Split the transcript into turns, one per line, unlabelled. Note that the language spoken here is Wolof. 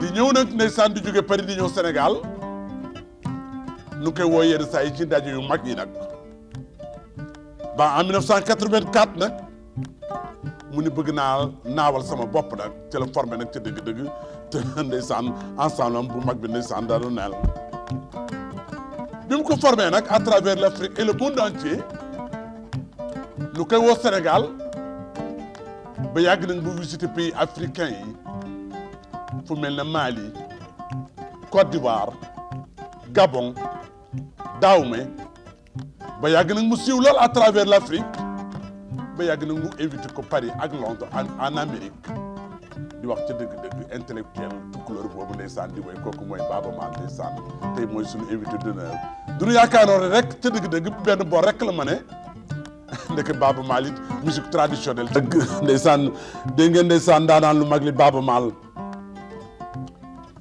di ñëw nag ndeysaan di jóge Paris di ñëw Sénégal nu koy woo de saa ci ndaje yu mag yi nag ba en 1984 nag mu ni bëgg naa naawal sama bopp nag ci la formé nag ci dëgg-dëgg te ndeysaan ensemble am bu mag bi ndeysaan daanu neel bi mu ko formé nag à travers l'Afrique et le monde entier nu koy woo Sénégal ba yàgg nañ bu visité pays africain yi comme Mali Côte d'Ivoire Gabon Dahomey ba vous êtes à travers l'Afrique ba yàgg nag à Paris Londres en Amérique di wax des intellectuel tukulóor boobu ndeysaan di woy kooku mooy des d'honneur rek à rek la ne des musique traditionnelle des des